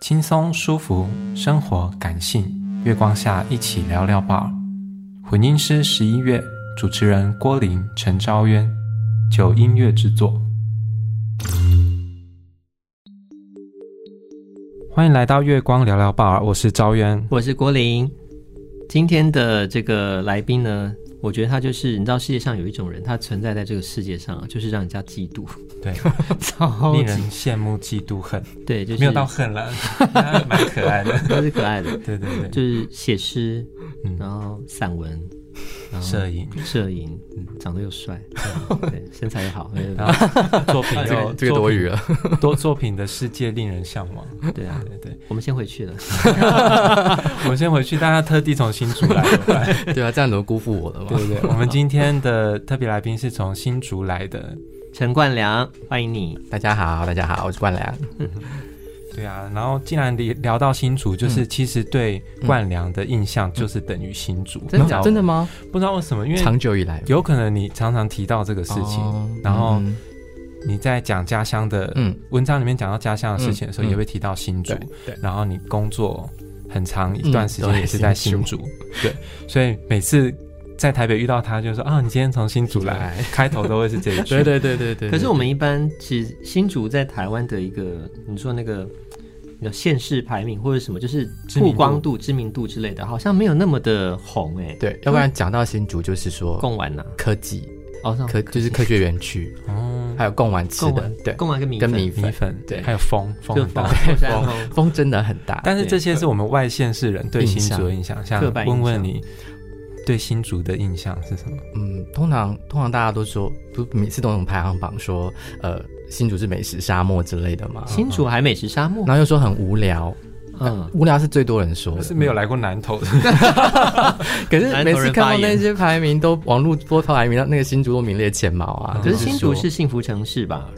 輕鬆舒服生活，感性。月光下，一起聊聊吧。混音師十一月，主持人郭霖、陳昭淵，九音樂製作。歡迎來到月光聊聊吧，我是昭淵，我是郭霖。今天的這個來賓呢？我覺得他就是，你知道世界上有一種人，他存在在這個世界上、啊，就是讓人家嫉妒。對， 超級令人羨慕嫉妒恨。對，就是、沒有到恨了，蠻 可愛的，都是可愛的。 對對對，就是寫詩，然後散文。嗯攝影，攝影，長得又帥，身材又好，作品又多餘了，多作品的世界令人嚮往。對啊，對對，我們先回去了，我們先回去，大家特地從新竹來，對對啊，這樣都辜負我了吧？對對，我們今天的特別來賓是從新竹來的陳冠良，歡迎你，大家好，大家好，我是冠良。對啊，然後既然聊到新竹，就是其實對冠良的印象就是等於新竹，真的嗎？後嗯嗯、不知道為什麼，因為長久以來，有可能你常常提到這個事情，然後你在講家鄉的、嗯、文章裡面講到家鄉的事情的時候，也會提到新竹，嗯嗯嗯、對，對然後你工作很長一段時間也是在新竹，新竹對，所以每次。在台北遇到他，就說：“啊，你今天從新竹來，開頭都會是這一句。”對對對對對。可是我們一般其實新竹在台灣的一個，你說那個縣市排名或者什麼，就是曝光度、知名度之類的，好像沒有那麼的紅哎。對，要不然講到新竹，就是說貢丸吶，科技哦，科就是科學園區哦，還有貢丸吃的，對，貢丸跟米米粉，對，還有風風很大，風真的很大。但是這些是我們外縣市人對新竹的印象。像問問你。對新竹的印象是什麼？嗯，通常通常大家都說，不每次都用排行榜說，呃，新竹是美食沙漠之類的嘛。新竹還美食沙漠，然後又說很無聊，嗯，無聊是最多人說的，是沒有來過南投的。嗯、 可是每次看到那些排名都，都網絡波濤排名，那個新竹都名列前茅啊。可、就是新竹是幸福城市吧？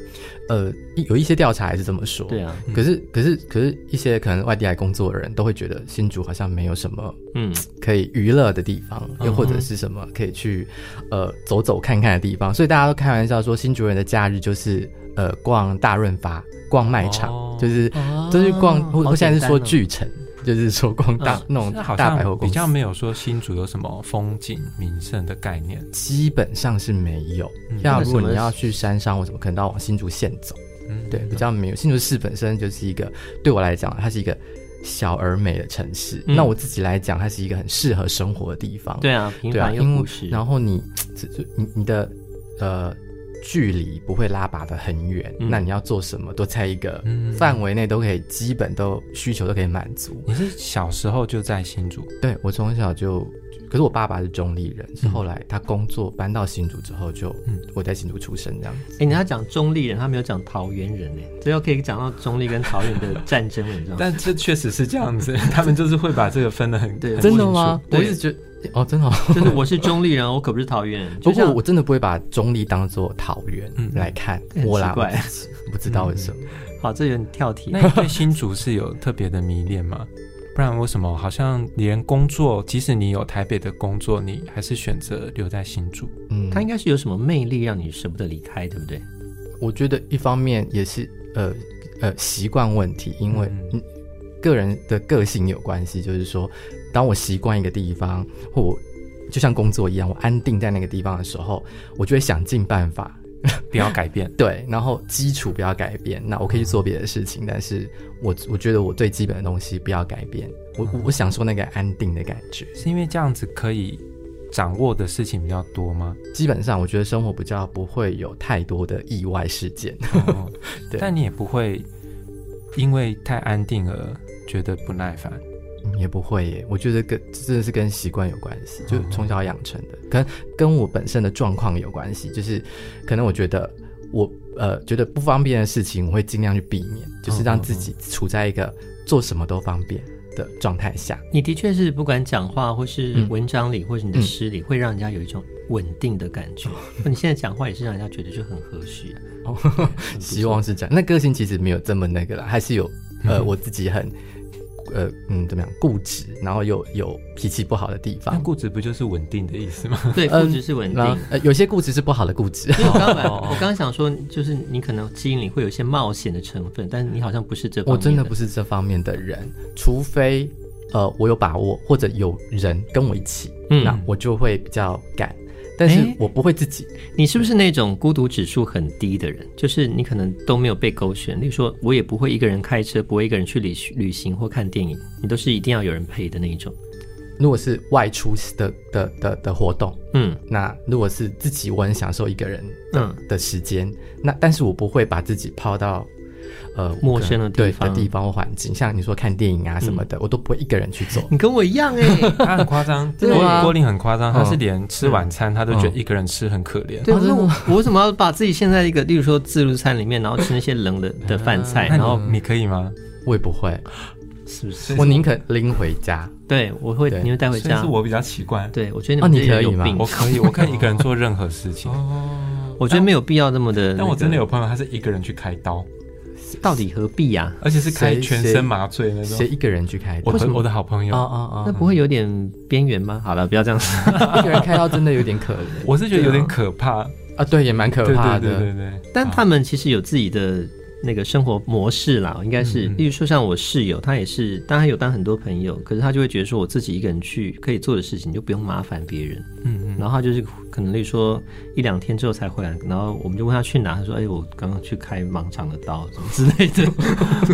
呃，有一些調查還是這麼說，對啊。可是，可是，可是一些可能外地來工作的人都會覺得新竹好像沒有什麼，嗯，可以娛樂的地方，嗯、又或者是什麼可以去，呃，走走看看的地方。Uh huh. 所以大家都開玩笑說，新竹人的假日就是，呃，逛大潤發，逛賣場，oh. 就是就是逛。我、oh. 現在是說巨城。就是說光大那種大百貨公司，好像比較沒有說新竹有什麼風景名勝的概念，基本上是沒有。像如果你要去山上我怎麼，可能到往新竹縣走。嗯，對，比較沒有。新竹市本身就是一個，對我來講，它是一個小而美的城市。那我自己來講，它是一個很適合生活的地方。對啊，平凡又樸實。對啊，因為。然後你，你你的，呃。距離不會拉拔得很遠，嗯、那你要做什麼都在一個範圍內都可以，基本都需求都可以滿足。你是小時候就在新竹？對，我從小就，可是我爸爸是中壢人，嗯、是後來他工作搬到新竹之後就，嗯、我在新竹出生這樣子。哎、欸，你要講中壢人，他沒有講桃園人哎，最後可以講到中壢跟桃園的戰爭， 你知道嗎？ 但這確實是這樣子，他們就是會把這個分得很對，很真的嗎？對我一直覺得。哦，真的、哦，真的，我是中壢人，我可不是桃園人。不過我真的不會把中壢當做桃園來看。嗯、我啦。嗯、我奇怪，不知道為什麼。嗯、好，這有點跳題。那你對新竹是有特別的迷戀嗎？ 不然為什麼好像連工作，即使你有台北的工作，你還是選擇留在新竹？嗯，他應該是有什麼魅力讓你捨不得離開，對不對？我覺得一方面也是呃呃習慣問題，因為。嗯個人的個性有關係，就是說，當我習慣一個地方，或我就像工作一樣，我安定在那個地方的時候，我就會想盡辦法不要改變。 對，然後基礎不要改變，那我可以去做別的事情，嗯、但是我我覺得我最基本的東西不要改變。嗯、我我想說那個安定的感覺，是因為這樣子可以掌握的事情比較多嗎？基本上，我覺得生活比較不會有太多的意外事件，嗯、 對但你也不會因為太安定而。覺得不耐煩、嗯，也不會耶。我覺得跟真的是跟習慣有關係，哦、嘿就從小養成的，跟跟我本身的狀況有關係。就是可能我覺得我呃覺得不方便的事情，我會儘量去避免，就是讓自己處在一個做什麼都方便的狀態下。哦哦哦，你的確是不管講話或是文章裡，嗯、或是你的詩裡，嗯、會讓人家有一種穩定的感覺。嗯、 你現在講話也是讓人家覺得就很和煦。哦，希望是這樣。那個性其實沒有這麼那個了，還是有。呃，我自己很，呃，嗯，怎麼樣？固執，然後又有，有脾氣不好的地方。固執不就是穩定的意思嗎？對，固執是穩定。嗯。呃，有些固執是不好的固執。我剛剛想說，就是你可能基因裡會有一些冒險的成分，但是你好像不是這方面。我真的不是這方面的人，除非呃，我有把握或者有人跟我一起，嗯，那我就會比較敢。但是、欸、我不會自己。你是不是那種孤獨指數很低的人？嗯、就是你可能都沒有被勾選。例如說，我也不會一個人開車，不會一個人去旅旅行或看電影，你都是一定要有人陪的那一種。如果是外出的的的的活動，嗯，那如果是自己，我很享受一個人的嗯的時間。那但是我不會把自己拋到。呃，陌生的地方環境，像你說看電影啊什麼的，我都不會一個人去做。你跟我一樣。哎，他很誇張，郭郭霖很誇張，他是連吃晚餐他都覺得一個人吃很可憐。對，可是我我為什麼要把自己陷在一個，例如說自助餐裡面，然後吃那些冷的的飯菜，然後你可以嗎？我也不會，是不是？我寧可拎回家。對，我會，你會帶回家？我比較奇怪。對，我覺得你可以嗎？我可以，我可以一個人做任何事情。我覺得沒有必要這麼的。但我真的有朋友，他是一個人去開刀。到底何必呀，啊？而且是開全身麻醉那種，誰一個人去開？我和我的好朋友哦哦哦，嗯嗯嗯，那不會有點邊緣嗎？好了，不要這樣子。 一個人開刀真的有點可， 我是覺得有點可怕啊，啊！對，也蠻可怕的，對對對，對對對。但他們其實有自己的那個生活模式啦，啊，應該是。例如說，像我室友，他也是，當然有當很多朋友，可是他就會覺得說，我自己一個人去可以做的事情，就不用麻煩別人。嗯。然後他就是可能例如說一兩天之後才回來，然後我們就問他去哪？他說：“哎，我剛剛去開盲腸的刀，什麼之類的。”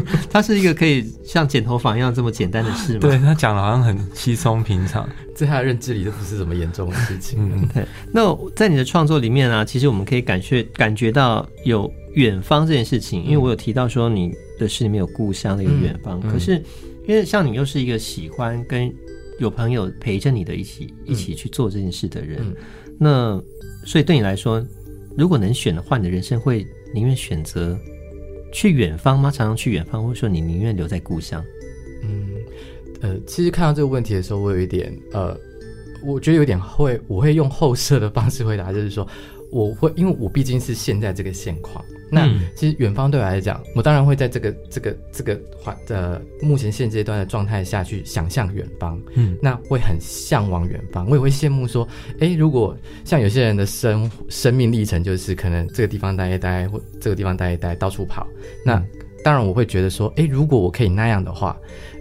他是一個可以像剪頭髮一樣這麼簡單的事嗎？對他講的，好像很稀鬆平常，在他的認知裡都不是什麼嚴重的事情。嗯、對。那在你的創作裡面啊，其實我們可以感覺感覺到有遠方這件事情，因為我有提到說你的詩裡面有故鄉，有遠方，嗯、可是因為像你又是一個喜歡跟。有朋友陪着你的，一起一起去做這件事的人，嗯嗯、那所以對你來說，如果能選的話，你的人生會寧願選擇去遠方嗎？常常去遠方，或者說你寧願留在故鄉？嗯，呃，其實看到這個問題的時候，我有一點，呃，我覺得有點會，我會用後設的方式回答，就是說，我會，因為我畢竟是現在這個現況。那其實遠方對我來講，嗯、我當然會在這個這個這個環的、呃、目前現階段的狀態下去想象遠方，嗯，那會很向往遠方。我也會羨慕說，哎、欸，如果像有些人的生生命歷程，就是可能這個地方待一待，或這個地方待一待，到處跑。嗯、那當然我會覺得說，哎、欸，如果我可以那樣的話，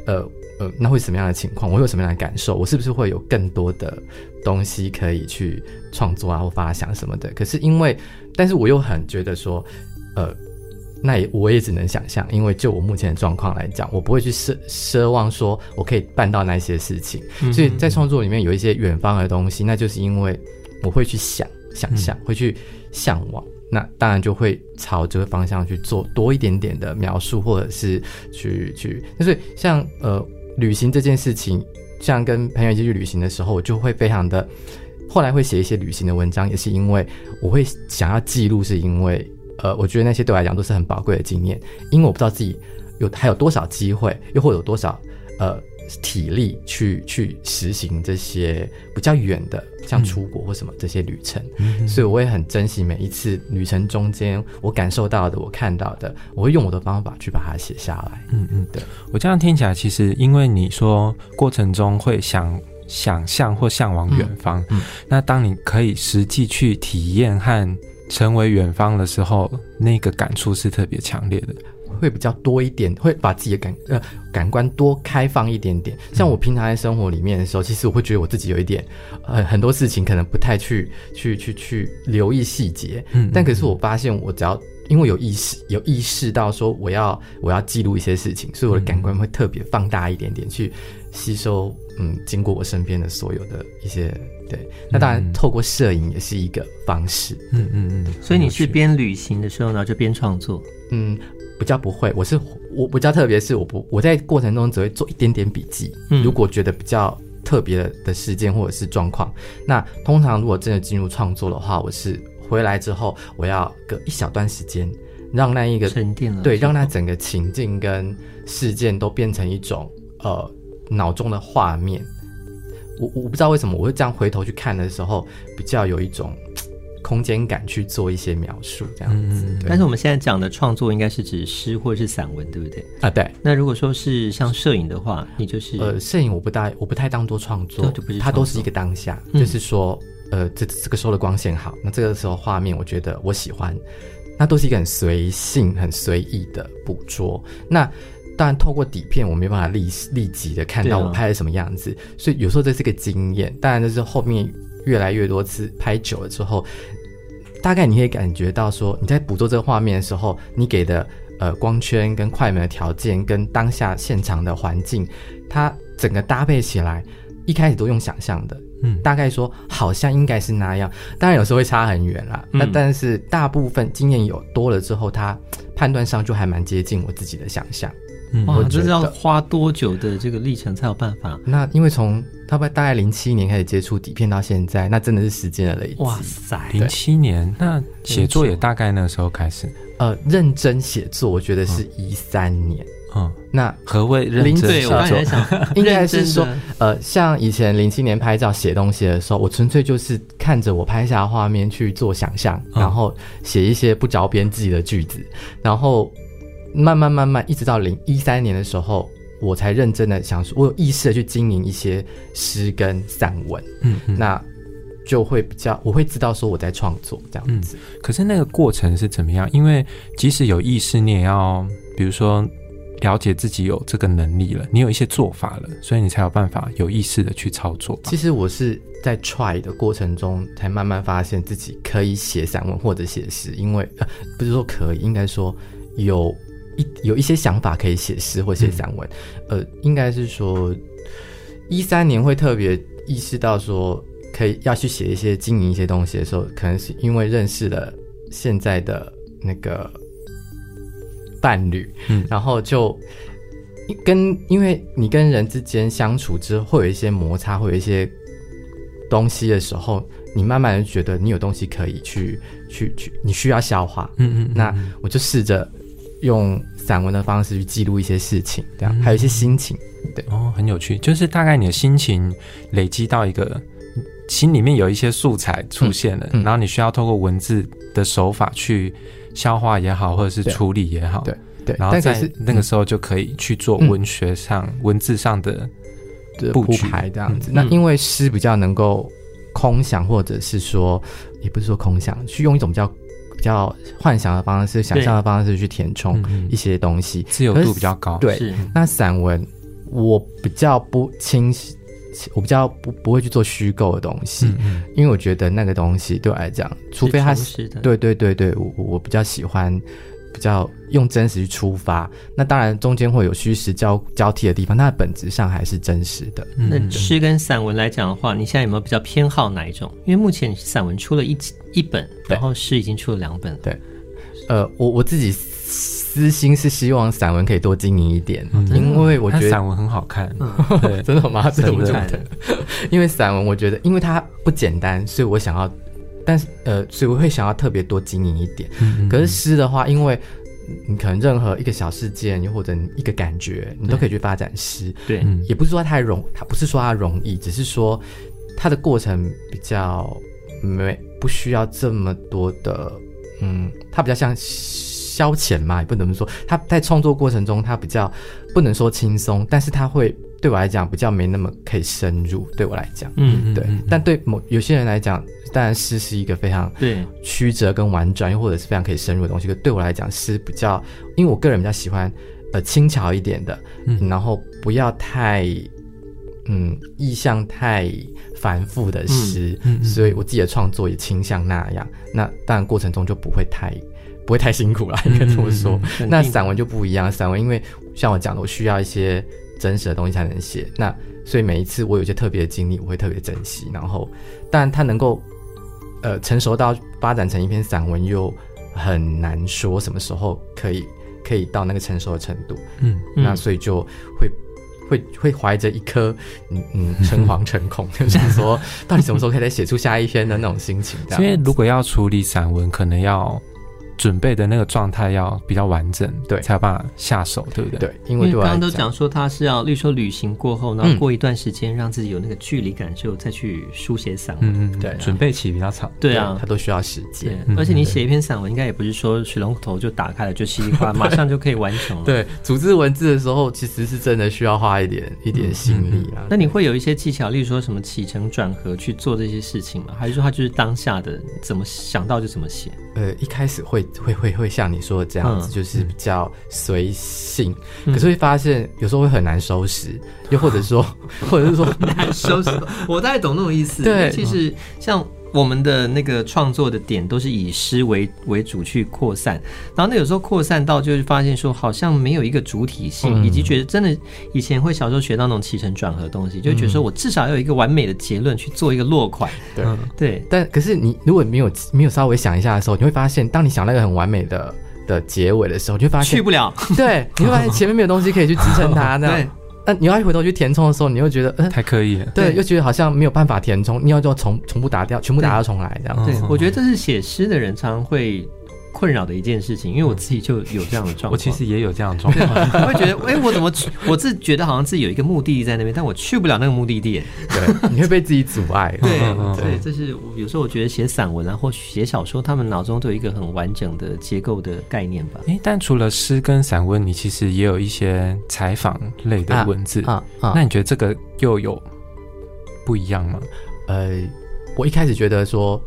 呃呃，那會什麼樣的情況？我有什麼樣的感受？我是不是會有更多的東西可以去創作啊，或發想什麼的？可是因為，但是我又很覺得說。呃，那也我也只能想象，因為就我目前的狀況來講，我不會去奢奢望說我可以辦到那些事情。所以在創作裡面有一些遠方的東西，嗯嗯嗯。那就是因為我會去想想象，會去向往，嗯。那當然就會朝這個方向去做多一點點的描述，或者是去去，那所以像呃旅行這件事情，像跟朋友一起去旅行的時候，我就會非常的，後來會寫一些旅行的文章，也是因為我會想要記錄，是因為。呃，我覺得那些對我來講都是很寶貴的經驗，因為我不知道自己有還有多少機會，又會有多少呃體力去去實行這些比較遠的，像出國或什麼這些旅程，嗯、所以我也很珍惜每一次旅程中間我感受到的、我看到的，我會用我的方法去把它寫下來。嗯嗯，對。我這樣聽起來，其實因為你說過程中會想想象或向往遠方，嗯嗯、那當你可以實際去體驗和。成為遠方的時候，那個感觸是特別強烈的，會比較多一點，會把自己的感呃感官多開放一點點。像我平常在生活裡面的時候，嗯，其實我會覺得我自己有一點很、呃、很多事情可能不太去去去去留意細節，嗯，但可是我發現我只要因為有意識有意識到說我要我要記錄一些事情，所以我的感官會特別放大一點點去吸收，嗯，嗯，經過我身邊的所有的一些。對，那當然，透過攝影也是一個方式。嗯嗯嗯。所以你去邊旅行的時候呢，就邊創作。嗯，比較不會，我是我比較特別是我不我在過程中只會做一點點筆記。嗯。如果覺得比較特別的事件或者是狀況，那通常如果真的進入創作的話，我是回來之後我要隔一小段時間，讓那一個沉澱了，對，讓那整個情境跟事件都變成一種呃腦中的畫面。我我不知道為什麼我會這樣回頭去看的時候，比較有一種空間感去做一些描述，這樣子，嗯。但是我們現在講的創作應該是指詩或者是散文，對不對？啊，對。那如果說是像攝影的話，你就是呃，攝影我不大我不太當做創作，都作它都是一個當下，嗯、就是說，呃，這這個時候的光線好，那這個時候畫面我覺得我喜歡，那都是一個很隨性、很隨意的捕捉。那當然，透過底片，我沒辦法立立即的看到我拍的什麼樣子，啊、所以有時候這是個經驗。當然，就是後面越來越多次拍久了之後，大概你可以感覺到說，你在捕捉這個畫面的時候，你給的呃光圈跟快門的條件跟當下現場的環境，它整個搭配起來，一開始都用想象的，嗯，大概說好像應該是那樣。當然有時候會差很遠啦，嗯、那但是大部分經驗有多了之後，它判斷上就還蠻接近我自己的想象。哇，我覺得這是要花多久的這個歷程才有辦法？嗯、那因為從他大概零七年開始接觸底片到現在，那真的是時間的累積哇塞。零七對年，那寫作也大概那個時候開始，嗯。呃，認真寫作，我覺得是一三年嗯。嗯，那何謂認真寫作？應該是說， 呃，像以前零七年拍照寫東西的時候，我純粹就是看着我拍下的畫面去做想象，嗯，然後寫一些不着邊際的句子，嗯、然後。慢慢慢慢，一直到零一三年的時候，我才認真的想說，我有意識的去經營一些詩跟散文。嗯哼，那就會比較，我會知道說我在創作這樣子、嗯。可是那個過程是怎麼樣？因為即使有意識，你也要，比如說，了解自己有這個能力了，你有一些做法了，所以你才有辦法有意識的去操作。其實我是在 try 的過程中，才慢慢發現自己可以寫散文或者寫詩，因為、呃、不是說可以，應該說有。一有一些想法可以寫詩或寫散文，嗯、呃，應該是說，一三年會特別意識到說，可以要去寫一些經營一些東西的時候，可能是因為認識了現在的那個伴侶，嗯，然後就，因跟因為你跟人之間相處之後，會有一些摩擦，會有一些東西的時候，你慢慢的覺得你有東西可以去去去，你需要消化，嗯嗯，嗯嗯，那我就試着。用散文的方式去記錄一些事情，這樣。還有一些心情，對，哦，很有趣。就是大概你的心情累積到一個心裡面有一些素材出現了，嗯嗯、然後你需要透過文字的手法去消化也好，或者是處理也好，對對。對對，然後在那個時候就可以去做文學上、嗯、文字上的布局，對、鋪排這樣子。嗯嗯、那因為詩比較能夠空想，或者是說，也不是說空想，去用一種比較。比較幻想的方式、對想象的方式去填充一些東西，嗯嗯是自由度比較高。對，是那散文我比較不清晰，我比較不不會去做虛構的東西，嗯嗯，因為我覺得那個東西對我來講，除非他是對對對對，我我比較喜歡。比較用真實去出發，那當然中間會有虛實交交替的地方，它本質上還是真實的。嗯、對那詩跟散文來講的話，你現在有沒有比較偏好哪一種？因為目前散文出了一一本，然後詩已經出了兩本了。對，呃，我我自己私心是希望散文可以多經營一點，嗯、因為我覺得散文很好看，嗯、 真的嗎？真的，因為散文我覺得因為它不簡單，所以我想要。但是，呃，所以我會想要特別多經營一點。嗯，嗯，嗯，可是詩的話，因為你可能任何一個小事件，或者一個感覺，對你都可以去發展詩。對，也不是說它太容，它不是說它容易，只是說它的過程比較沒不需要這麼多的，嗯，它比較像消遣嘛，也不能說它在創作過程中它比較不能說輕鬆，但是它會。對我來講，比較沒那麼可以深入。對我來講，嗯，對。嗯嗯、但對某有些人來講，當然詩是一個非常曲折跟婉轉，又對或者是非常可以深入的東西。可對我來講，詩比較，因為我個人比較喜歡，呃，輕巧一點的，嗯、然後不要太，嗯，意象太繁複的詩。嗯嗯嗯、所以我自己的創作也傾向那樣。嗯、那當然過程中就不會太，不會太辛苦了。應該這麼說。嗯嗯、那散文就不一樣。散文因為像我講的，我需要一些。真實的東西才能寫，那所以每一次我有一些特別的經歷，我會特別珍惜。然後，但它能夠，呃，成熟到發展成一篇散文，又很難說什麼時候可以可以到那個成熟的程度。嗯，那所以就會、嗯、會會懷着一顆嗯嗯誠惶誠恐，就想 說到底什麼時候可以再寫出下一篇的那種心情這樣。所以如果要處理散文，可能要。準備的那個狀態要比較完整，對，才有辦法下手，對不對？對，因為剛剛都講說他是要例如說旅行過後，然後過一段時間，讓自己有那個距離感，就再去書寫散文。嗯嗯，對，準備期比較長，對啊，他都需要時間。而且你寫一篇散文，應該也不是說水龍頭就打開了就稀里嘩啦，馬上就可以完成了。對，組織文字的時候，其實是真的需要花一點一點心力啊。那你會有一些技巧，例如說什麼起承轉合去做這些事情嗎？還是說他就是當下的怎麼想到就怎麼寫？呃，一開始會。會會會像你說的這樣子，嗯、就是比較隨性，嗯、可是會發現有時候會很難收拾，嗯、又或者說， 或者是說難收拾， 我大概懂那種意思。對，其實像。我們的那個創作的點都是以詩為為主去擴散，然後那有時候擴散到就是發現說好像沒有一個主體性，嗯、以及覺得真的以前會小時候學到那種起承轉合的東西，就覺得說我至少要有一個完美的結論去做一個落款。對、嗯、對，嗯、對但可是你如果沒有沒有稍微想一下的時候，你會發現當你想到那個很完美的的結尾的時候，你就發現去不了。對，你會發現前面沒有東西可以去支撐它。 那種 對。但、啊、你要一回頭去填充的時候，你又覺得，嗯，還可以了，對，又覺得好像沒有辦法填充，對你要就重重複打掉，全部打掉，重來對這樣。對，我覺得這是寫詩的人常會困擾的一件事情，因為我自己就有這樣的狀況、嗯。我其實也有這樣的狀況，你對 會覺得，哎、欸，我怎麼，我自己覺得好像自己有一個目的地在那邊，但我去不了那個目的地。對，你會被自己阻礙。 對，所以這是我有時候我覺得寫散文啊，或寫小說，他們腦中都有一個很完整的結構的概念吧。哎、欸，但除了詩跟散文，你其實也有一些採訪類的文字啊。啊啊那你覺得這個又有不一樣嗎？呃，我一開始覺得說。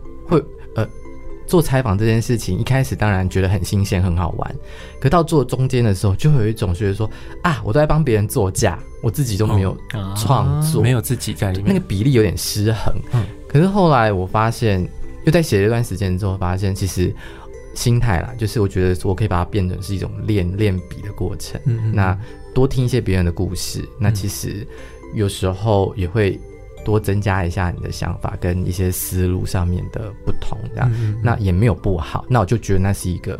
做採訪這件事情，一開始當然覺得很新鮮、很好玩，可到做中間的時候，就會有一種覺得說啊，我都在幫別人作嫁，我自己都沒有創作，哦啊、對沒有自己在裡面，那個比例有點失衡。嗯、可是後來我發現，又在寫了一段時間之後，發現其實心態啦，就是我覺得我可以把它變成是一種練練筆的過程。嗯、哼那多聽一些別人的故事，那其實有時候也會。多增加一下你的想法跟一些思路上面的不同，這樣，嗯嗯，那也沒有不好。那我就覺得那是一個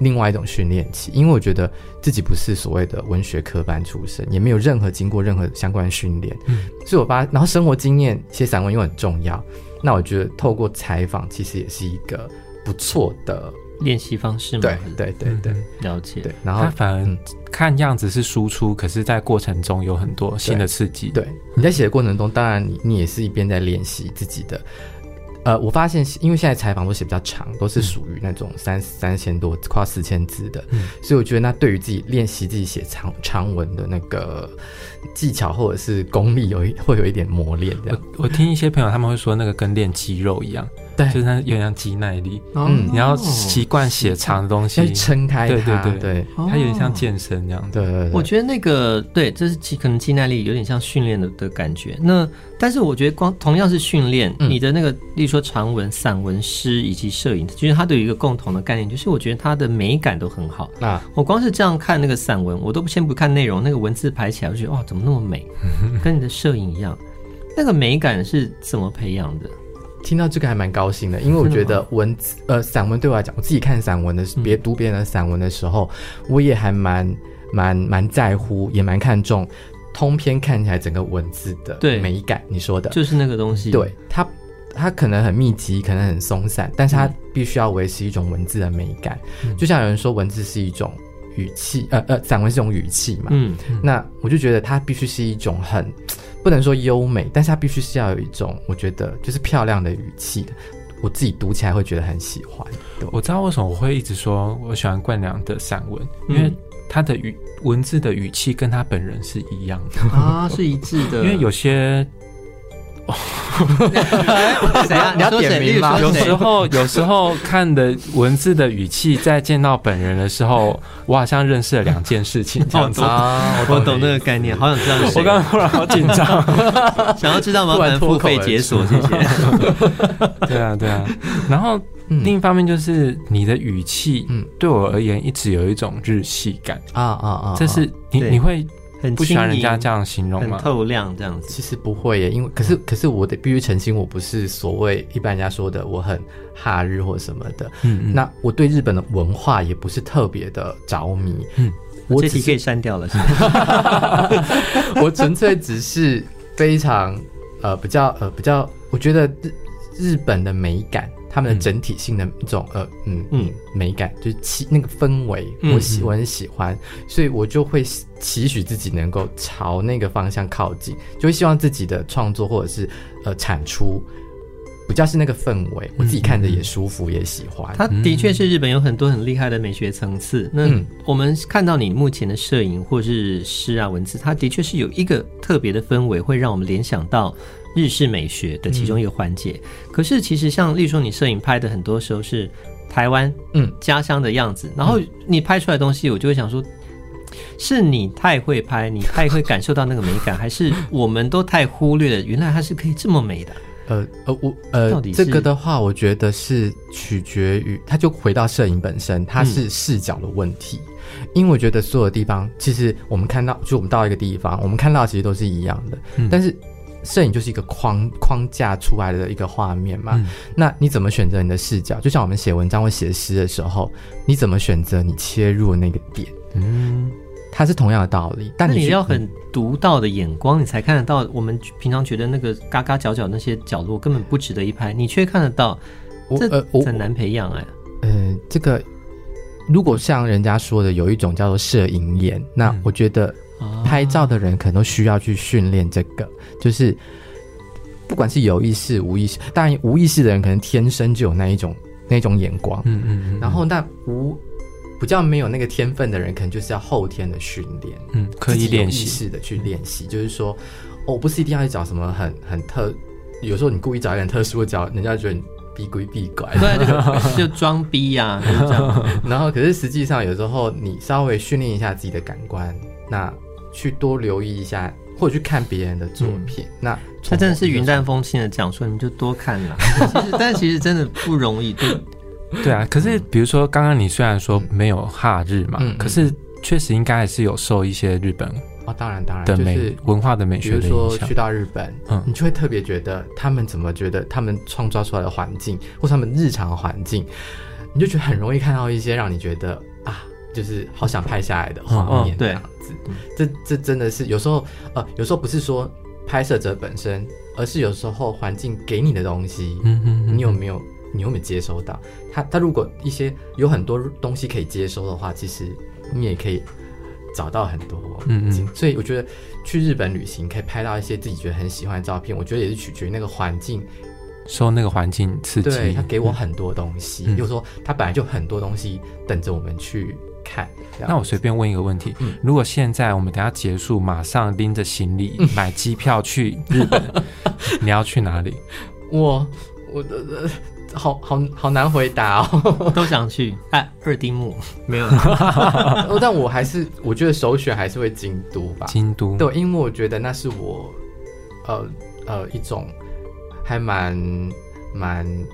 另外一種訓練期，因為我覺得自己不是所謂的文學科班出身，也沒有任何經過任何相關訓練，嗯，所以我把然後生活經驗寫散文又很重要。那我覺得透過採訪其實也是一個不錯的。練習方式嗎？對，對對對對，嗯、了解。對，然後他反而看樣子是輸出，嗯、可是在過程中有很多新的刺激。對，對，你在寫的過程中，嗯、當然你你也是一邊在練習自己的。呃，我發現，因為現在採訪都寫比較長，都是屬於那種三、嗯、三千多跨四千字的，嗯、所以我覺得那對於自己練習自己寫長長文的那個技巧或者是功力有一會有一點磨練的。我聽一些朋友他們會說，那個跟練肌肉一樣。對，就是它有點像肌耐力，嗯，你要習慣寫長的東西，去撐開它，對、哦、對對對，它有點像健身一樣的。對、哦，我覺得那個對，這是肌，可能肌耐力有點像訓練的的感覺。那但是我覺得光同樣是訓練，你的那個，嗯、例如說傳聞、散文、詩以及攝影，其、就、實、是、它都有一個共同的概念，就是我覺得它的美感都很好。啊，我光是這樣看那個散文，我都不先不看內容，那個文字排起來，我就覺得哇，怎麼那麼美，跟你的攝影一樣。 那個美感是怎麼培養的？聽到這個還蠻高興的，因為我覺得文字呃散文對我來講，我自己看散文的，別讀別人的散文的時候，嗯、我也還蠻蠻蠻在乎，也蠻看重，通篇看起來整個文字的美感。你說的，就是那個東西。對它，它可能很密集，可能很鬆散，但是它必須要維持一種文字的美感。嗯、就像有人說，文字是一種語氣，呃呃，散文是一種語氣嘛。嗯，嗯，那我就覺得它必須是一種很。不能說優美，但是它必須是要有一種，我覺得就是漂亮的語氣的，我自己讀起來會覺得很喜歡。我知道為什麼我會一直說我喜歡冠良的散文，嗯、因為他的語文字的語氣跟他本人是一樣的啊，是一致的。因為有些。誰啊？你要點名嗎？有時候，有時候看的文字的語氣，在見到本人的時候，我好像認識了兩件事情。哦，我懂那個概念，好想知道是誰。我剛剛突然好緊張，想要知道能不能付費解鎖這些。對啊，對啊。然後另一方面，就是你的語氣，對我而言，一直有一種日系感。啊啊啊！這是你，你會。很不喜歡人家這樣形容嗎？很透亮這樣子。其實不會耶，因為可是可是，可是我的必須澄清，我不是所謂一般人家說的我很哈日或什麼的。嗯，嗯那我對日本的文化也不是特別的着迷。嗯，我這題可以刪掉了是是。 我純粹只是非常呃比較呃比較，我覺得日日本的美感。他們的整體性的一種嗯呃嗯嗯美感，就是其那個氛圍，我喜我很喜歡，嗯、哼所以我就會期許自己能夠朝那個方向靠近，就會希望自己的創作或者是呃產出，比較是那個氛圍，我自己看着也舒服，嗯、哼也喜歡。他的確是日本有很多很厲害的美學層次，那我們看到你目前的攝影或是詩啊文字，他的確是有一個特別的氛圍，會讓我們聯想到。日式美學的其中一個環節，嗯、可是，其實像，例如說你攝影拍的很多時候是台灣，嗯，家鄉的樣子，嗯、然後你拍出來的東西，我就會想說，嗯、是你太會拍，你太會感受到那個美感， 還是我們都太忽略了，原來它是可以這麼美的？呃呃，我呃，呃這個的話，我覺得是取決於，它就回到攝影本身，它是視角的問題，嗯、因為我覺得所有地方，其實我們看到，就我們到一個地方，我們看到其實都是一樣的，嗯、但是。攝影就是一個框框架出來的一個畫面嘛，嗯、那你怎麼選擇你的視角？就像我們寫文章或寫詩的時候，你怎麼選擇你切入那個點？嗯，它是同樣的道理，但你但也要很獨到的眼光，嗯、你才看得到。我們平常覺得那個嘎嘎角角那些角落根本不值得一拍，嗯、你卻看得到。這很、呃、難培養哎、欸。呃，這個如果像人家說的有一種叫做攝影眼，那我覺得。嗯拍照的人可能都需要去訓練這個，就是不管是有意識、無意識，當然無意識的人可能天生就有那一種那一種眼光，嗯嗯，嗯嗯然後那無不叫沒有那個天分的人，可能就是要後天的訓練，嗯，刻意練習的去練習，嗯、就是說，我、哦、不是一定要去找什麼很很特，有時候你故意找一點特殊的角，人家就覺得你逼鬼逼拐，對，就裝逼呀， 然後可是實際上有時候你稍微訓練一下自己的感官，那。去多留意一下，或者去看別人的作品。嗯、那他真的是雲淡風輕的講說，你就多看嘛。 但其實真的不容易，對 對啊。可是比如說，剛剛你雖然說沒有哈日嘛，嗯嗯嗯嗯，可是確實應該還是有受一些日本哦。當然當然的，就是文化的美學的。比如說去到日本，嗯，你就會特別覺得他們怎麼覺得他們創造出來的環境，嗯、或他們日常環境，你就覺得很容易看到一些讓你覺得啊。就是好想拍下來的畫、哦哦、面，這樣子，哦、這這真的是有時候呃，有時候不是說拍攝者本身，而是有時候環境給你的東西，嗯哼，嗯嗯你有沒有，你有沒有接收到？他他如果一些有很多東西可以接收的話，其實你也可以找到很多嗯。嗯嗯，所以我覺得去日本旅行可以拍到一些自己覺得很喜歡的照片，我覺得也是取決於那個環境，受那個環境刺激，他給我很多東西，時、嗯、說他本來就很多東西等着我們去。看，那我隨便問一個問題：嗯、如果現在我們等下結束，馬上拎着行李、嗯、買機票去日本， 你要去哪裡？我我，我好好好難回答哦。都想去哎、 啊，二丁目沒有、 哦，但我還是我覺得首選還是會京都吧。京都對，因為我覺得那是我呃呃一種還蠻蠻。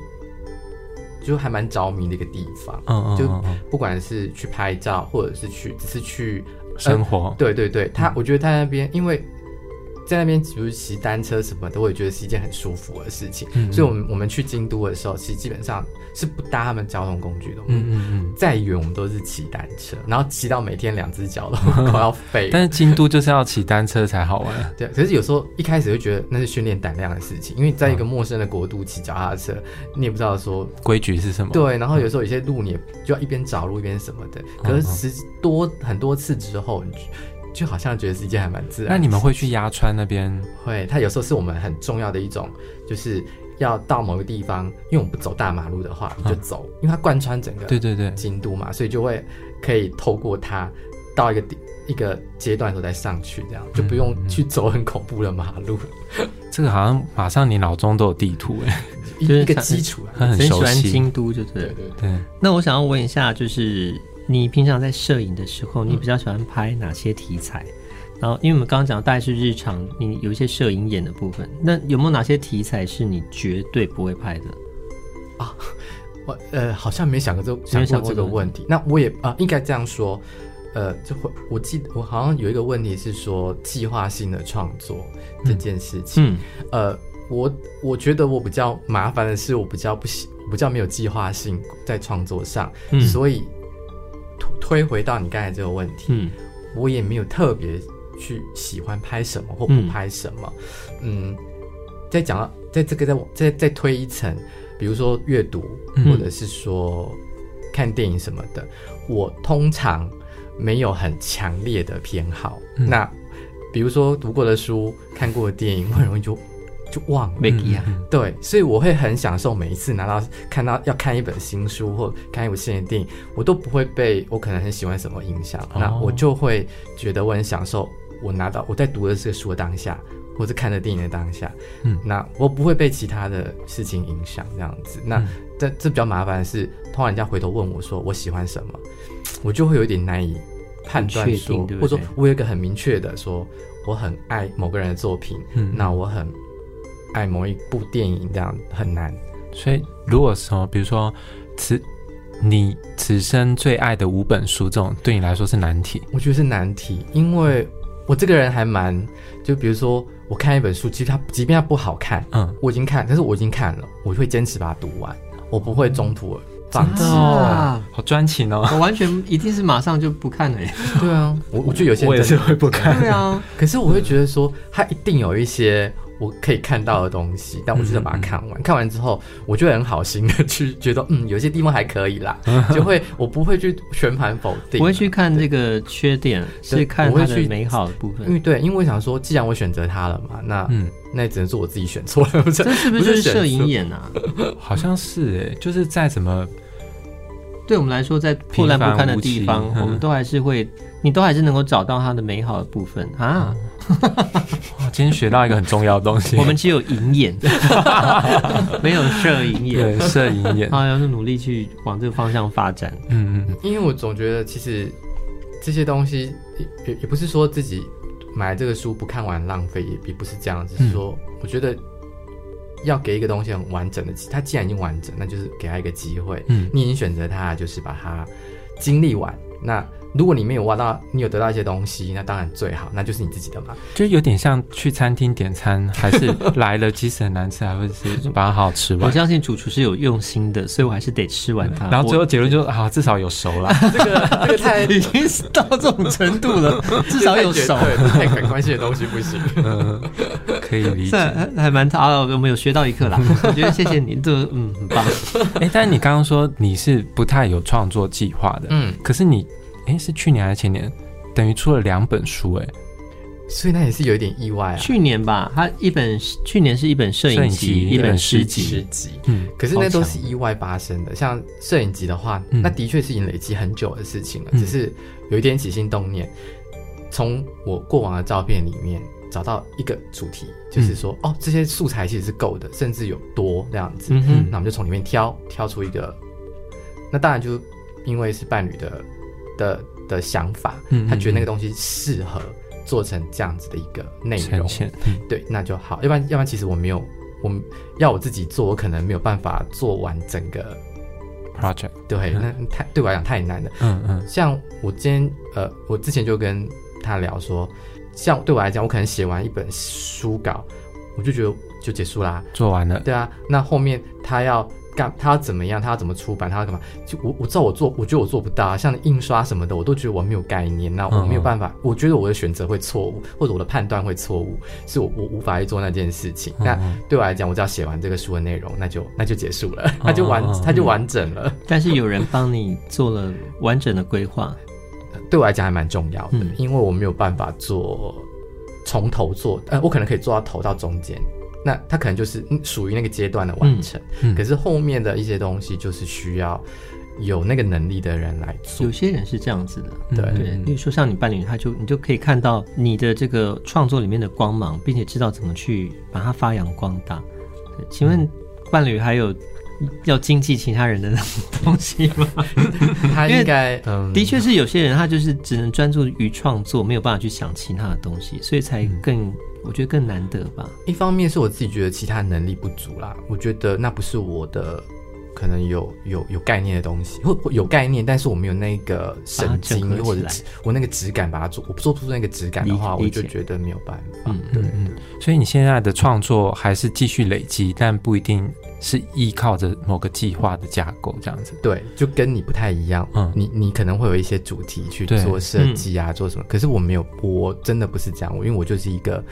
就還蠻着迷的一個地方，嗯嗯嗯嗯，就不管是去拍照，或者是去，只是去生活，呃。對對對，他，嗯，我覺得他那邊，因為。在那邊，比如騎單車什麼的，都會覺得是一件很舒服的事情。嗯、所以，我們我們去京都的時候，其實基本上是不搭他們交通工具的。嗯嗯嗯。再遠，我們都是騎單車，然後騎到每天兩隻腳都都要廢。但是京都就是要騎單車才好玩。 對，可是有時候一開始就覺得那是訓練膽量的事情，因為在一個陌生的國度騎腳踏車，你也不知道說規矩是什麼。對，然後有時候有些路，你也就要一邊找路一邊什麼的。可是十多很多次之後你。就好像覺得自己還蠻自然的。那你們會去鴨川那邊？會，它有時候是我們很重要的一種，就是要到某個地方，因為我們不走大馬路的話，你就走，啊、因為它貫穿整個，對對對，京都嘛，所以就會可以透過它到一個地一個階段的時候再上去，這樣就不用去走很恐怖的馬路。嗯嗯、 這個好像馬上你腦中都有地圖哎， 一個基礎、啊，很，很熟悉喜歡京都，就是對，對對對。對，那我想要問一下，就是。你平常在攝影的時候，你比較喜歡拍哪些題材？嗯、然後，因為我們剛剛講大概是日常，你有一些攝影眼的部分。那有沒有哪些題材是你絕對不會拍的？啊，我呃，好像沒想過這，想過這個問題。那我也啊、呃，應該這樣說，呃，就會我記得我好像有一個問題是說計劃性的創作這件事情。嗯嗯、呃，我我覺得我比較麻煩的是，我比較不喜，比較沒有計劃性在創作上，嗯、所以。推回到你剛才這個問題，嗯、我也沒有特別去喜歡拍什麼或不拍什麼，嗯，再、嗯、講到，在這個再，在再再推一層，比如說閱讀或者是說看電影什麼的，嗯、我通常沒有很強烈的偏好。嗯、那比如說讀過的書、看過的電影，嗯、我很容易就。就忘了。一樣、嗯嗯嗯，對，所以我會很享受每一次拿到、看到、要看一本新書或看一部新的電影，我都不會被我可能很喜歡什麼影響，哦、那我就會覺得我很享受我拿到我在讀的這個書的當下，或是看的電影的當下，嗯，那我不會被其他的事情影響這樣子。那、嗯、這比較麻煩的是，突然人家回頭問我說我喜歡什麼，我就會有點難以判斷說，對對或者說我有一個很明確的說我很愛某個人的作品，嗯，嗯，那我很。愛某一部電影這樣很難，所以如果說，比如說，此你此生最愛的五本書，這種對你來說是難題。我覺得是難題，因為我這個人還蠻就比如說，我看一本書，其實它即便它不好看，嗯，我已經看，但是我已經看了，我會堅持把它讀完，我不會中途了、嗯、放棄、啊。然後，好專情哦！我完全一定是馬上就不看了耶。 對啊，我我覺得有些我，我也是會不看。對啊，可是我會覺得說，它一定有一些。我可以看到的東西，但我只能把它看完。嗯嗯。看完之後，我就很好心的去覺得，嗯，有些地方還可以啦， 就會我不會去全盤否定，不會去看這個缺點，對是看它的美好的部分。因為對，因為我想說，既然我選擇它了嘛，那、嗯、那也只能是我自己選錯了。不是這是不是就是攝影眼吶、啊？好像是誒、欸，就是在怎麼。對我們來說，在破爛不堪的地方，我們都還是會，嗯、你都還是能夠找到它的美好的部分啊、嗯！今天學到一個很重要的東西， 我們只有鷹眼， 沒有攝影眼，對攝影眼啊，要是努力去往這個方向發展。嗯嗯，嗯因為我總覺得其實這些東西也也不是說自己買這個書不看完浪費，也也不是這樣子、嗯、說，我覺得。要給一個東西很完整的。他既然已經完整，那就是給他一個機會。嗯，你已經選擇他，就是把他經歷完。那。如果你沒有挖到，你有得到一些東西，那當然最好，那就是你自己的嘛。就是有點像去餐廳點餐，還是來了，即使很難吃，還會把它好好吃完。我相信主廚是有用心的，所以我還是得吃完它。然後最後結論就啊，至少有熟了。這個太，已經是到這種程度了，至少有熟。太沒關係的東西不行，可以理解，還蠻好，我們有學到一課啦。我覺得謝謝你，這嗯很棒。哎，但你剛剛說你是不太有創作計劃的，嗯，可是你。哎，是去年還是前年？等於出了兩本書哎、欸，所以那也是有一點意外啊。去年吧，他一本去年是一本攝影集，攝影集一本詩集。詩集，嗯。可是那都是意外發生的。嗯、像攝影集的話，嗯、那的確是已經累積很久的事情了，嗯、只是有一點起心動念，從我過往的照片裡面找到一個主題，嗯、就是說哦，這些素材其實是夠的，甚至有多這樣子。那、嗯、哼我們就從裡面挑挑出一個，那當然就因為是伴侶的。的的想法，嗯，嗯，嗯，他覺得那個東西適合做成這樣子的一個內容，前前嗯、對，那就好。要不然，要不然，其實我沒有，我要我自己做，我可能沒有辦法做完整個 project。對，嗯嗯那太對我來講太難了。嗯嗯，像我今天，呃，我之前就跟他聊說，像對我來講，我可能寫完一本書稿，我就覺得就結束啦、啊，做完了。對啊，那後面他要。幹他要怎麼樣？他要怎麼出版？他要幹嘛？就我我知道，我做，我覺得我做不到。像印刷什麼的，我都覺得我沒有概念，那我沒有辦法。哦哦，我覺得我的選擇會錯誤，或者我的判斷會錯誤，是我我無法去做那件事情。哦哦，那對我來講，我只要寫完這個書的內容，那就那就結束了，它就完，他、哦哦哦、就完整了。嗯、但是有人幫你做了完整的規劃， 對我來講還蠻重要的，嗯、因為我沒有辦法做從頭做，呃，我可能可以做到頭到中間。那他可能就是屬於那個階段的完成，嗯嗯、可是後面的一些東西就是需要有那個能力的人來做。有些人是這樣子的，對，比、嗯、如說像你伴侶，他就你就可以看到你的這個創作裡面的光芒，並且知道怎麼去把它發揚光大。請問伴侶還有？要經濟其他人的那種東西嗎？他應該， 的確是有些人，他就是只能專注於創作，沒有辦法去想其他的東西，所以才更，嗯，我覺得更難得吧。一方面是我自己覺得其他能力不足啦，我覺得那不是我的。可能有有有概念的東西，或有概念，但是我沒有那個神經、啊、或者我那個質感把它做，我不做不出那個質感的話，解我就覺得沒有辦法。嗯嗯，所以你現在的創作還是繼續累積，嗯、但不一定是依靠着某個計劃的架構這樣子。對，就跟你不太一樣。嗯，你你可能會有一些主題去做設計啊，對做什麼？嗯、可是我沒有播，我真的不是這樣。我因為我就是一個，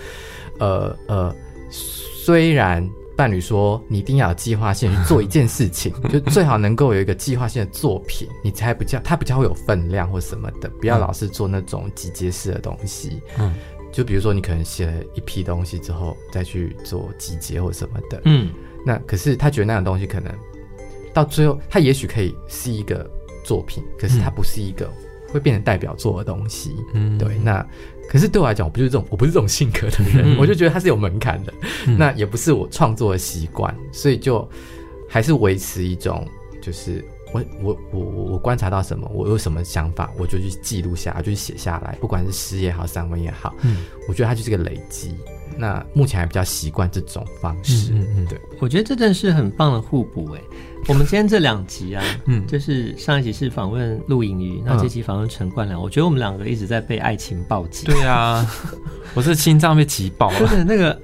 呃呃，雖然。伴侶說：“你一定要有計劃性去做一件事情， 就最好能夠有一個計劃性的作品，你才比較，他比較會有分量或什麼的。不要老是做那種集結式的東西。嗯，就比如說你可能寫了一批東西之後，再去做集結或什麼的。嗯，那可是他覺得那種東西可能到最後，他也許可以是一個作品，可是它不是一個會變成代表作的東西。嗯，對，那。”可是對我來講，我不就是這種，我不是這種性格的人，嗯、我就覺得它是有門檻的，嗯、那也不是我創作的習慣，嗯、所以就還是維持一種，就是我我我我我觀察到什麼，我有什麼想法，我就去記錄下來，我就去寫下來，不管是詩也好，散文也好，嗯，我覺得它就是個累積。那目前還比較習慣這種方式，嗯嗯，對，我覺得這真是很棒的互補哎。我們今天這兩集啊， 嗯，就是上一集是訪問陸穎魚，那這集訪問陳冠良，我覺得我們兩個一直在被愛情暴擊，對啊， 我是心臟被擠爆了，不 是那個。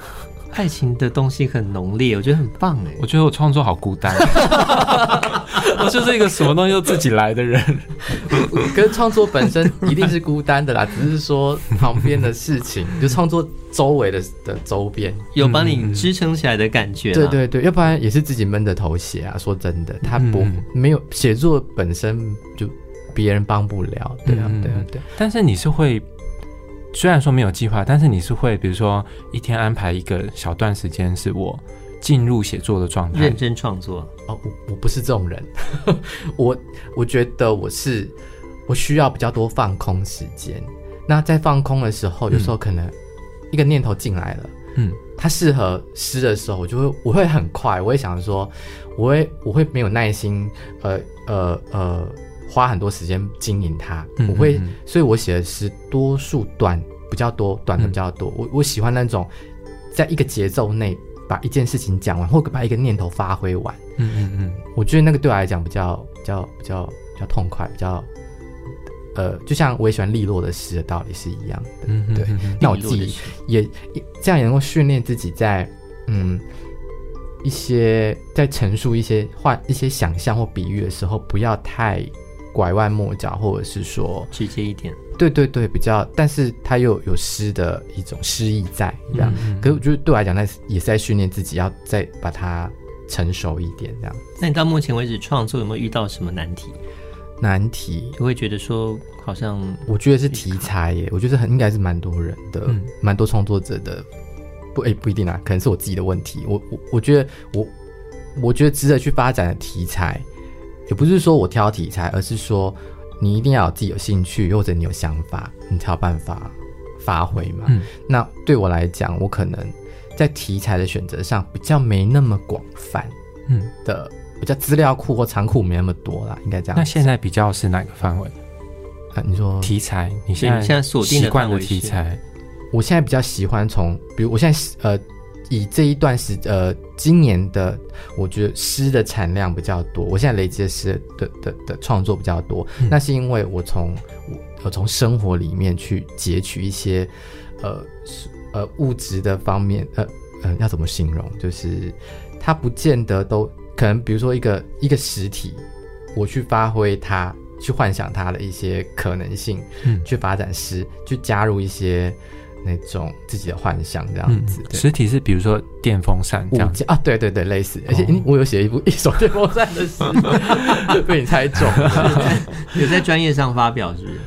愛情的東西很濃烈，我覺得很棒哎。我覺得我創作好孤單， 我就是一個什麼東西都自己來的人。跟創 作本身一定是孤單的啦，只是說旁邊的事情， 就創作周圍的的周邊有幫你支撐起來的感覺、嗯。對對對，要不然也是自己悶着頭寫啊。說真的，他不、嗯、沒有寫作本身就別人幫不了。對啊、嗯、對啊對，對。但是你是會。雖然說沒有計劃，但是你是會，比如說一天安排一個小段時間是我進入寫作的狀態，認真創作。哦，我我不是這種人， 我我覺得我是我需要比較多放空時間。那在放空的時候，嗯、有時候可能一個念頭進來了，嗯，它適合詩的時候，我就會我會很快，我會想說，我會我會沒有耐心，呃呃呃。呃花很多時間經營它，我會，嗯嗯，所以我寫的詩多數短，比較多，短的比較多。嗯、我我喜歡那種，在一個節奏內把一件事情講完，或把一個念頭發揮完。嗯嗯嗯，我覺得那個對我來講比較比較比較比較痛快，比較，呃，就像我也喜歡利落的詩的道理是一樣的。嗯哼嗯哼，對，那我自己也這樣也能夠訓練自己在嗯一些在陳述一些話、一些想象或比喻的時候不要太。拐彎抹角，或者是說直接一點，對對對，比較，但是它又有詩的一種詩意在，嗯嗯這樣，可是我覺得對我來講，那也是在訓練自己，要再把它成熟一點這樣。那你到目前為止創作有沒有遇到什麼難題？難題，我會覺得說，好像我覺得是題材耶、欸，我覺得很應該是蠻多人的，蠻、嗯、多創作者的，不誒、欸、不一定啊，可能是我自己的問題。我我我覺得我我覺得值得去發展的題材，也不是說我挑題材，而是說你一定要有自己有興趣，或者你有想法，你才有辦法發揮嘛。嗯，那對我來講，我可能在題材的選擇上比較沒那麼廣泛，嗯的比較資料庫或倉庫沒那麼多啦，應該這樣。那現在比較是哪個範圍？啊，你說題材，你現在現在所習慣的題材，我現在比較喜歡從，比如我現在呃，以這一段時呃。今年的，我覺得詩的產量比較多，我現在累積的詩的的的、的創作比較多，嗯、那是因為我從我、我從生活裡面去截取一些，呃呃物質的方面，呃呃要怎麼形容，就是它不見得都可能，比如說一個一個實體，我去發揮它，去幻想它的一些可能性，嗯、去發展詩，去加入一些。那種自己的幻想這樣子，實、嗯、對體是比如說電風扇這樣子啊，對對對，類似，而且、哦、我有寫一部一首電風扇的詩， 被你猜中， 有在專業上發表是不是？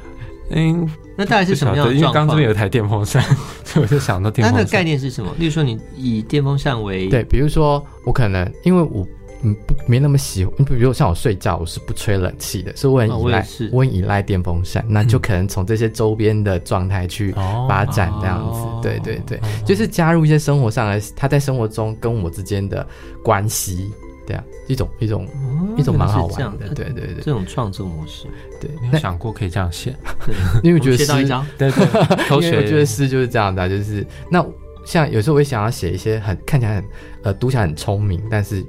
嗯，那大概是什麼樣的？因為剛剛這邊有一台電風扇， 所以我就想到電風扇。那那個概念是什麼？例如說，你以電風扇為對，比如說我可能因為我。嗯，不，沒那麼喜歡。比如像我睡覺，我是不吹冷氣的，所以我很依賴，我很依賴電風扇，那就可能從這些周邊的狀態去發展這樣子。對對對，就是加入一些生活上的，他在生活中跟我之間的關係，對啊，一種一種一種蠻好玩的。對對對，這種創作模式，對，有想過可以這樣寫？因為我覺得是，一張，對，因為我覺得是就是這樣子啊，就是那像有時候我也想要寫一些很看起來很呃讀起來很聰明，但是。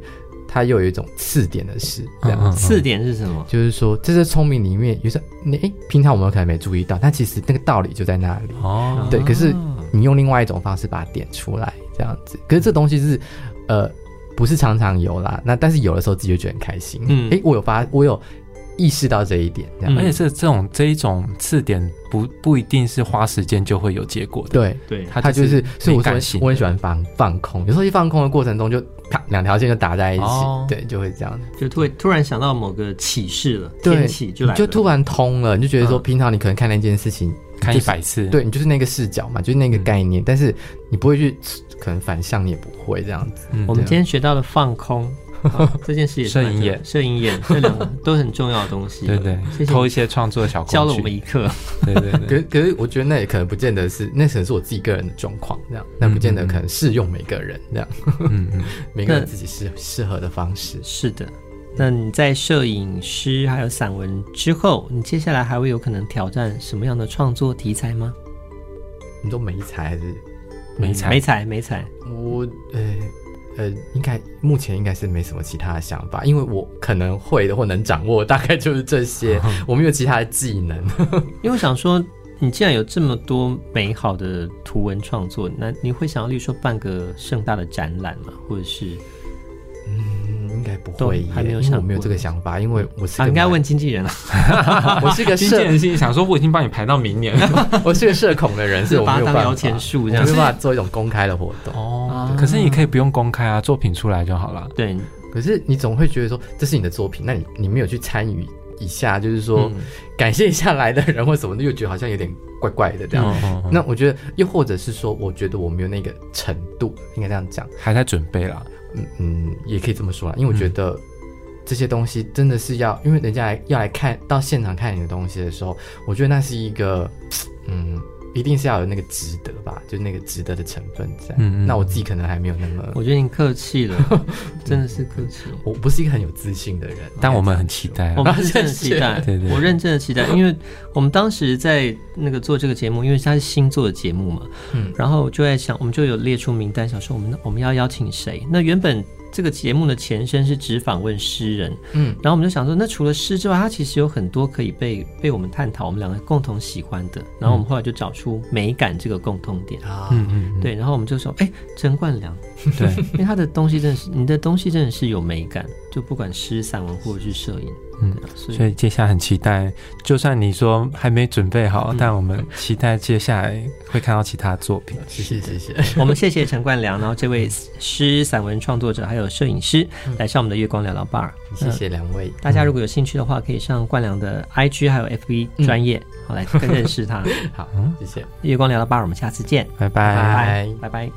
他又有一種刺點的事，這樣子。刺點是什麼？就是說，這是聰明裡面有些，你哎，平常我們可能沒注意到，但其實那個道理就在那裡。哦，對，可是你用另外一種方式把它點出來，這樣子。可是這東西是，嗯、呃，不是常常有啦。那但是有的時候自己就覺得很開心。嗯，哎、欸，我有發，我有。意識到這一點，而且是這種這一種次點，不不一定是花時間就會有結果的。對，對，他就是。所以我說，我很喜歡放放空。有時候一放空的過程中，就啪兩條線就打在一起，對，就會這樣。就突突然想到某個啟示了，對，就突然通了，你就覺得說，平常你可能看那件事情，看一百次，對，你就是那個視角嘛，就是那個概念，但是你不會去，可能反向你也不會這樣子。我們今天學到了放空。這件事也攝影眼、攝影眼，這兩個都很重要的東西。對對，偷一些創作小，工，教了我們一課。對對，可可是我覺得那也可能不見得是，那可能是我自己個人的狀況，這樣，那不見得可能適用每個人這樣。嗯嗯，每個人自己適適合的方式。是的，那你在攝影師還有散文之後，你接下來還會有可能挑戰什麼樣的創作題材嗎？你都沒才還是沒才？沒才沒才，我呃。呃，應該目前應該是沒什麼其他的想法，因為我可能會的或能掌握，大概就是這些。嗯、我沒有其他的技能， 因為我想說，你既然有這麼多美好的圖文創作，那你會想要例如說辦個盛大的展覽嗎？或者是，嗯。應該不會，因為我沒有這個想法，因為我是應該問經紀人了，我是一個經紀人，心想說我已經幫你排到明年了，我是個社恐的人，是吧，當搖錢樹這樣，沒辦法做一種公開的活動哦。可是你可以不用公開啊，作品出來就好了。對，可是你總會覺得說這是你的作品，那你你沒有去參與一下，就是說感謝一下來的人或什麼的，又覺得好像有點怪怪的這樣。那我覺得，又或者是說，我覺得我沒有那個程度，應該這樣講，還在準備了。嗯嗯，也可以這麼說啦，因為我覺得這些東西真的是要，嗯、因為人家來要來看到現場看你的東西的時候，我覺得那是一個，嗯。一定是要有那個值得吧，就是那個值得的成分在。嗯嗯。那我自己可能還沒有那麼……我覺得你客氣了， 真的是客氣了。嗯。我不是一個很有自信的人，但我們很期待啊，我，我們真的期待， 對，對對，我認真的期待，因為我們當時在那個做這個節目，因為它是新做的節目嘛，嗯，然後就在想，我們就有列出名單，想說我們我們要邀請誰？那原本。這個節目的前身是只訪問詩人，嗯，然後我們就想說，那除了詩之外，它其實有很多可以被被我們探討，我們兩個共同喜歡的。然後我們後來就找出美感這個共通點啊，嗯嗯，對，然後我們就說，哎，陳冠良，對，因為他的東西真的是，你的東西真的是有美感，就不管詩、散文或者是攝影。嗯，所以接下來很期待，就算你說還沒準備好，但我們期待接下來會看到其他作品。謝謝，謝謝。我們謝謝陳冠良，然後這位詩散文創作者還有攝影師，來上我們的月光聊聊 bar。謝謝兩位，大家如果有興趣的話，可以上冠良的 IG 還有 FB 專頁，好來更認識他。好，謝謝月光聊聊 bar，我們下次見，拜拜，拜拜。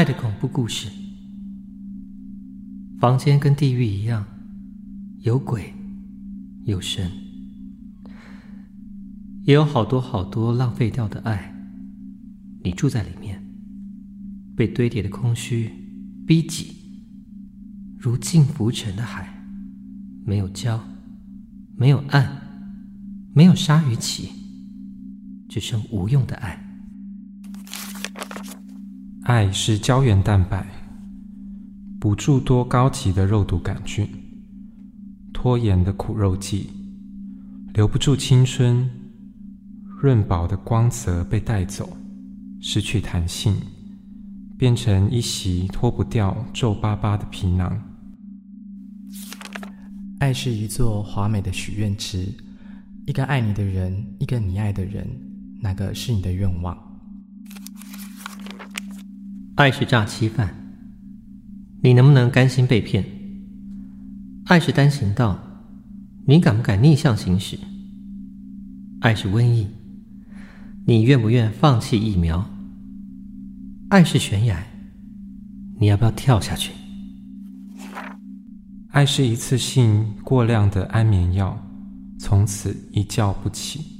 愛的恐怖故事，房間跟地獄一樣，有鬼，有神，也有好多好多浪費掉的愛。你住在裡面，被堆疊的空虛逼擠，如鏡浮沉的海，沒有礁，沒有岸，沒有鯊魚鰭，只剩無用的愛。愛是膠原蛋白，不住多高級的肉毒桿菌，拖延的苦肉計，留不住青春，潤薄的光澤被帶走，失去彈性，變成一襲脫不掉皺巴巴的皮囊。愛是一座華美的許願池，一個愛你的人，一個你愛的人，哪個是你的願望？愛是詐欺犯，你能不能甘心被騙？愛是單行道，你敢不敢逆向行駛？愛是瘟疫，你願不願放棄疫苗？愛是懸崖，你要不要跳下去？愛是一次性過量的安眠藥，從此一覺不起。